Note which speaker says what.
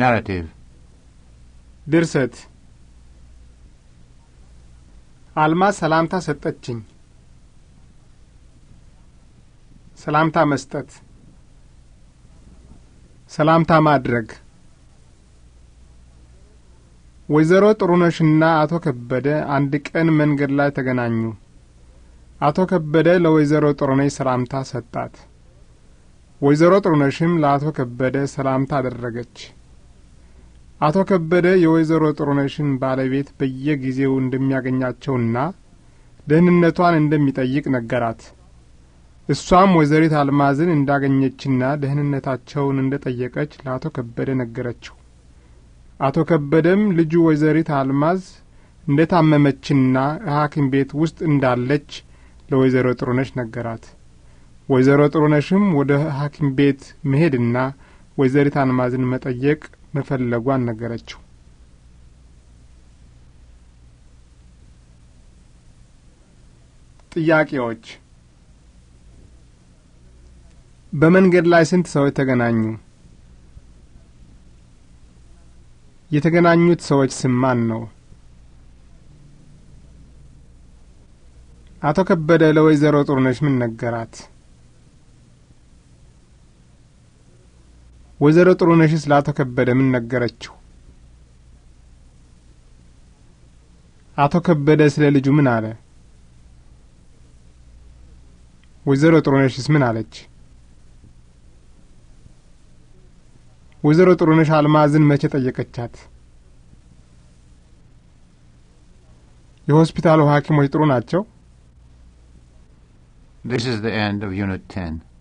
Speaker 1: ናራቲቭ ድርሰት አልማዝ ሰላምታ ሰጠችኝ። ሰላምታ መስጠት፣ ሰላምታ ማድረግ። ወይዘሮ ጥሩነሽና አቶ ከበደ አንድ ቀን መንገድ ላይ ተገናኙ። አቶ ከበደ ለወይዘሮ ጥሩነሽ ሰላምታ ሰጣት። ወይዘሮ ጥሩነሽም ለአቶ ከበደ ሰላምታ አደረገች። አቶ ከበደ የወይዘሮ ጥሩነሽን ባለቤት በየጊዜው እንደሚያገኛቸውና ደህንነቷን እንደሚጠይቅ ነገራት። እሷም ወይዘሪት አልማዝን እንዳገኘችና ደህንነታቸውን እንደ ጠየቀች ለአቶ ከበደ ነገረችው። አቶ ከበደም ልጁ ወይዘሪት አልማዝ እንደ ታመመችና ሐኪም ቤት ውስጥ እንዳለች ለወይዘሮ ጥሩነሽ ነገራት። ወይዘሮ ጥሩነሽም ወደ ሐኪም ቤት መሄድና ወይዘሪት አልማዝን መጠየቅ መፈለጓን ነገረችው። ጥያቄዎች በመንገድ ላይ ስንት ሰዎች ተገናኙ? የተገናኙት ሰዎች ስም ማን ነው? አቶ ከበደ ለወይዘሮ ጥሩነሽ ምን ነገራት? ወይዘሮ ጥሩነሽ ለአቶ ከበደ ምን ነገረችው? አቶ ከበደ ስለ ልጁ ምን አለ? ወይዘሮ ጥሩነሽስ ምን አለች? ወይዘሮ ጥሩነሽ አልማዝን መቼ ጠየቀቻት? የሆስፒታሉ ሐኪሞች ጥሩ ናቸው? This is the end of Unit 10.